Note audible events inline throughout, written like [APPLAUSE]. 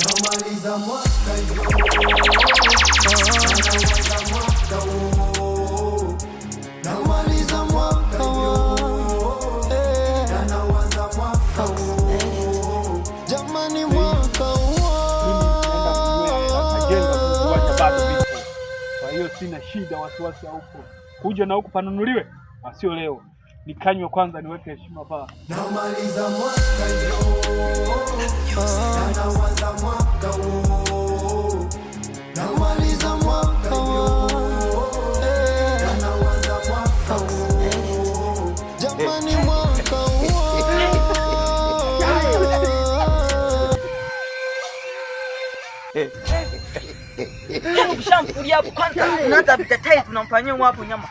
Kwa hiyo sina shida wasiwasi haupo. Kuja na huku panunuliwe, asio leo nikanywa kwanza, niweke heshima baa. Namaliza hapo kwanza, unaanza vita tai, tunampanyia hapo nyama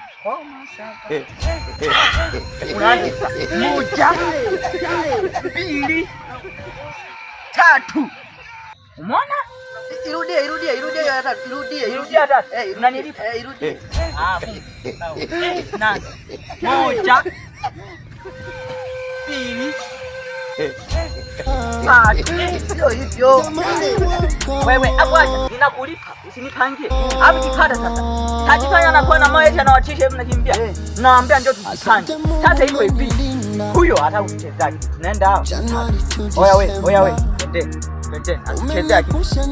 moja, mbili, tatu. Umeona? Irudie, irudie, irudie, irudie, irudie. Eh, unanilipa. Eh, irudie. Ah, ah moja, mbili [LAUGHS] Sio hivyo wewe, ninakulipa usinipangie. Kipata sasa, anakuwa na mnakimbia naambia ndio sasa. Iko hivi, huyo hata uchezaji Oya oya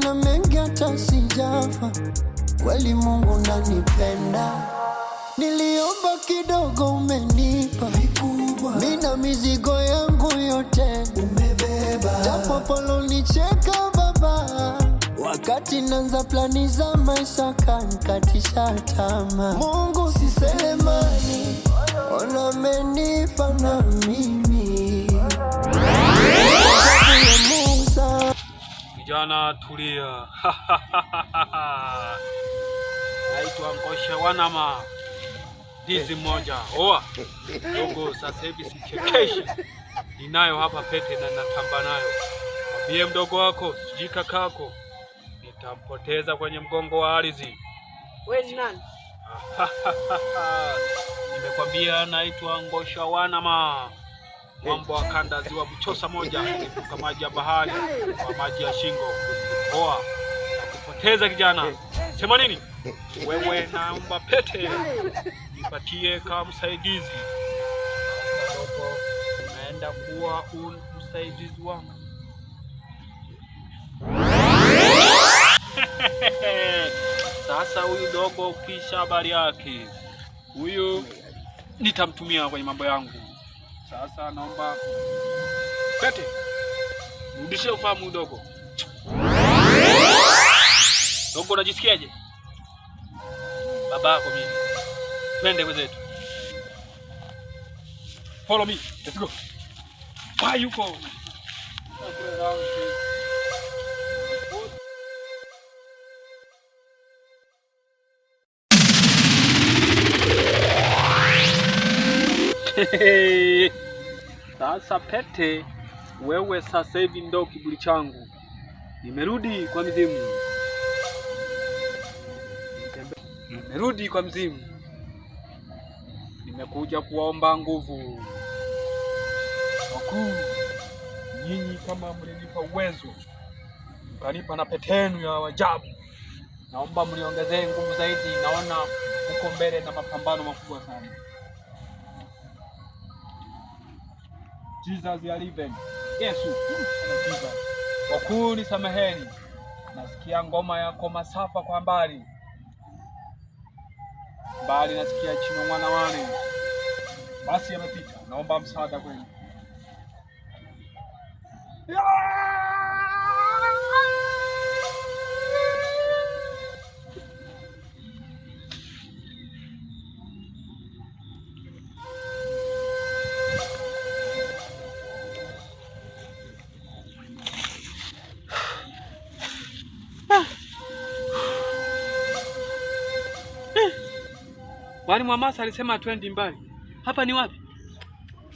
na mengi hata sijafa. Kweli Mungu niliomba kidogo umenipa, mizigo ya yote umebeba, japo polo nicheka baba, wakati nanza plani za maisha kankatisha tama. Mungu si selemani, ona menipa na mimi. Kijana tulia. [LAUGHS] Naitwa Ngoshe Wanama dizi moja oa dogo sasa hivi sichekeshi ninayo hapa pete na natamba nayo. Mwambie mdogo wako sijui kakako, nitampoteza kwenye mgongo wa ardhi. Wewe ni nani? [LAUGHS] Nimekwambia naitwa Ngosha Wanama, mambo wa kanda ziwa Buchosa moja kwa maji ya bahari kwa maji ya shingo. Poa, nakupoteza kijana. Sema nini wewe? Naomba pete nipatie kama msaidizi dogo kwenda kuwa msaidizi wangu. [LAUGHS] Sasa huyu dogo kisha habari yake huyu, nitamtumia kwenye mambo yangu. Sasa naomba Kete, rudishe ufahamu dogo. Dogo, unajisikiaje? Babako mimi. Twende kwetu. Follow me. Let's go. Paa [LAUGHS] yuko sasa. Pete wewe, sasa hivi ndo kiburi changu, nimerudi kwa mzimu, nimerudi kwa mzimu, nimekuja kuomba nguvu mkuu, nyinyi kama mlinipa uwezo mkanipa na petenu ya wajabu naomba mliongezee nguvu zaidi. Naona huko mbele na mapambano makubwa sana. Jesus aliven Yesu anacheza. Wakuu ni sameheni, nasikia ngoma ya masafa kwa mbali mbali, nasikia chino mwana wane, basi amepita. Naomba msaada kwenu. Mwalimu ah. Mwamasa alisema atwendi mbali. Hapa ni wapi?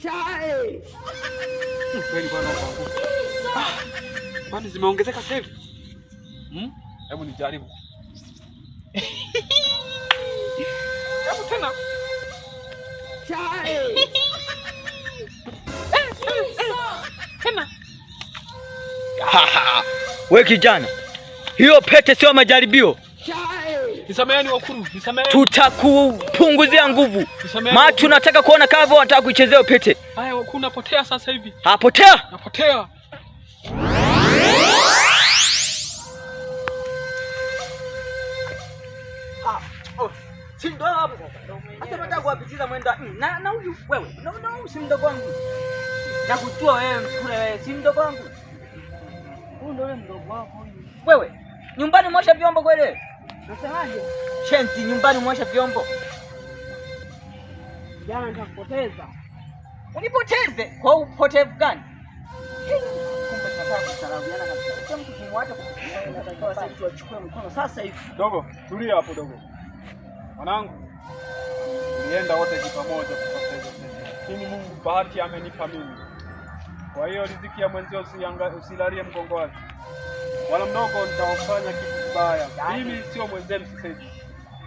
Chai. Hmm, Mani ah! zimeongezeka sasa hivi. Hmm? Hebu nijaribu. [LAUGHS] Hebu tena. Chai. [LAUGHS] Tena. [LAUGHS] We kijana, hiyo pete sio majaribio. Nisameheni wakuru, nisameheni. Tutakupunguzia nguvu. Maana nataka kuona kavo, wataka kuichezea pete. Haya, wakuru napotea sasa hivi. Napotea? Napotea. Sindo hapo sasa. Hata kuwapitiza mwenda. Na na huyu wewe. si mdogo wangu. Na kutua wewe wewe si mdogo wangu. Huyu mdogo wako huyu. Wewe. Nyumbani vyombo kweli? Nasemaje? nyumbani vyombo. Jana nitakupoteza. Unipoteze kwa upotevu gani? Dogo, tulia hapo dogo. Mwanangu, tulienda wote pamoja kupata hizo pesa. Lakini Mungu bahati amenipa mimi. Kwa hiyo riziki ya mwenzio usilalie mgongo wake. Wala mdogo nitawafanya kitu kibaya. Mimi sio mwenzenu sasa hivi.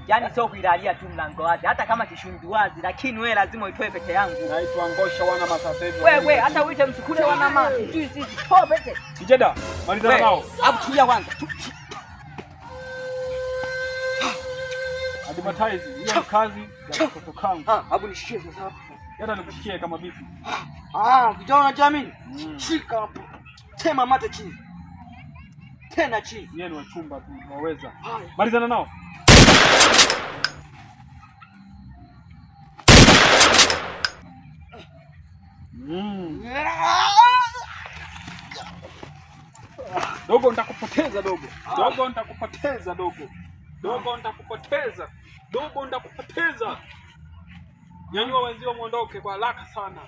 Yaani sio kuilalia tu mlango wazi, hata kama kishundu wazi, lakini wewe lazima uitoe pete yangu. Naitwa Ngosha wana masasevu. Wewe wewe hata uite msukule wana mama. Sijui sisi. Toa pete. Kijeda, maliza nao. Hapo tulia kwanza. Advertise hiyo kazi ya mtoto kangu. Ah, hapo nishie sasa. Yada nikushikie kama bifu. Ah, kijana unajiamini? Mm. Shika hapo. Tema mate chini. Tena chini. Yeye ni wachumba tu, waweza. Malizana nao. Mm. Dogo ntakupoteza dogo dogo nitakupoteza, dogo dogo nitakupoteza, dogo nitakupoteza. Nyanyua wenzio, mwondoke kwa haraka sana.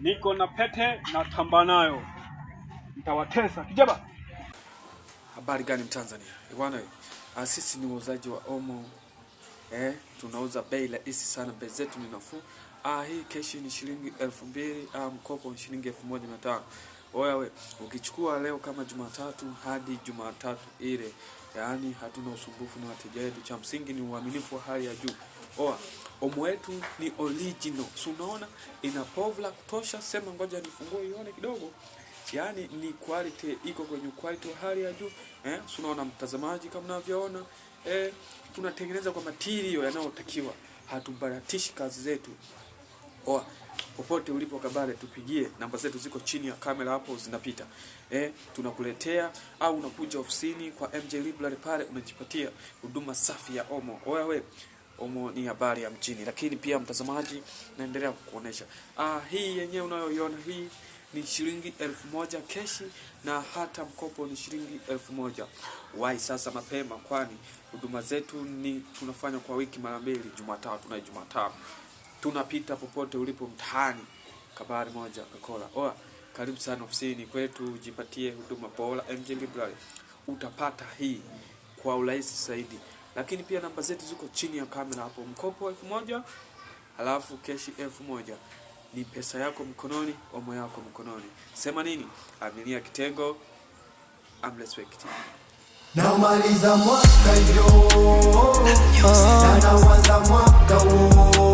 Niko na pete na tamba nayo, nitawatesa kijaba. Habari gani Mtanzania? Bwana, ah, sisi ni wauzaji wa omo eh, tunauza bei rahisi sana, bei zetu ni nafuu. Ah, hii keshi ni shilingi elfu mbili ah, mkopo ni shilingi elfu moja mia tano Oya we, ukichukua leo kama Jumatatu hadi Jumatatu ile, yaani hatuna usumbufu na wateja wetu. Cha msingi ni uaminifu wa hali ya juu. Oa, omo wetu ni original, si unaona ina povla kutosha. Sema ngoja nifungue ione kidogo yani ni quality iko kwenye quality wa hali ya juu eh, unaona mtazamaji, kama unavyoona eh, tunatengeneza kwa material yanayotakiwa, hatubaratishi kazi zetu. Oa, popote ulipo Kabale, tupigie namba zetu ziko chini ya kamera hapo zinapita. Eh, tunakuletea au unakuja ofisini kwa MJ Library pale unajipatia huduma safi ya Omo. Oya we, Omo ni habari ya mjini, lakini pia mtazamaji, naendelea kukuonesha ah, hii yenyewe unayoiona hii ni shilingi elfu moja keshi na hata mkopo ni shilingi elfu moja Wai sasa mapema, kwani huduma zetu ni tunafanya kwa wiki mara mbili, Jumatatu na Jumatano. Tunapita popote ulipo mtaani, kabari moja kakola oa. Karibu sana ofisini kwetu, jipatie huduma bora. MJ Library utapata hii kwa urahisi zaidi, lakini pia namba zetu ziko chini ya kamera hapo. Mkopo elfu moja halafu keshi elfu moja ni pesa yako mkononi, omo yako mkononi. Sema nini? Aminia kitengo, I'm respect. Na umaliza mwaka yo na nawaza mwaka huo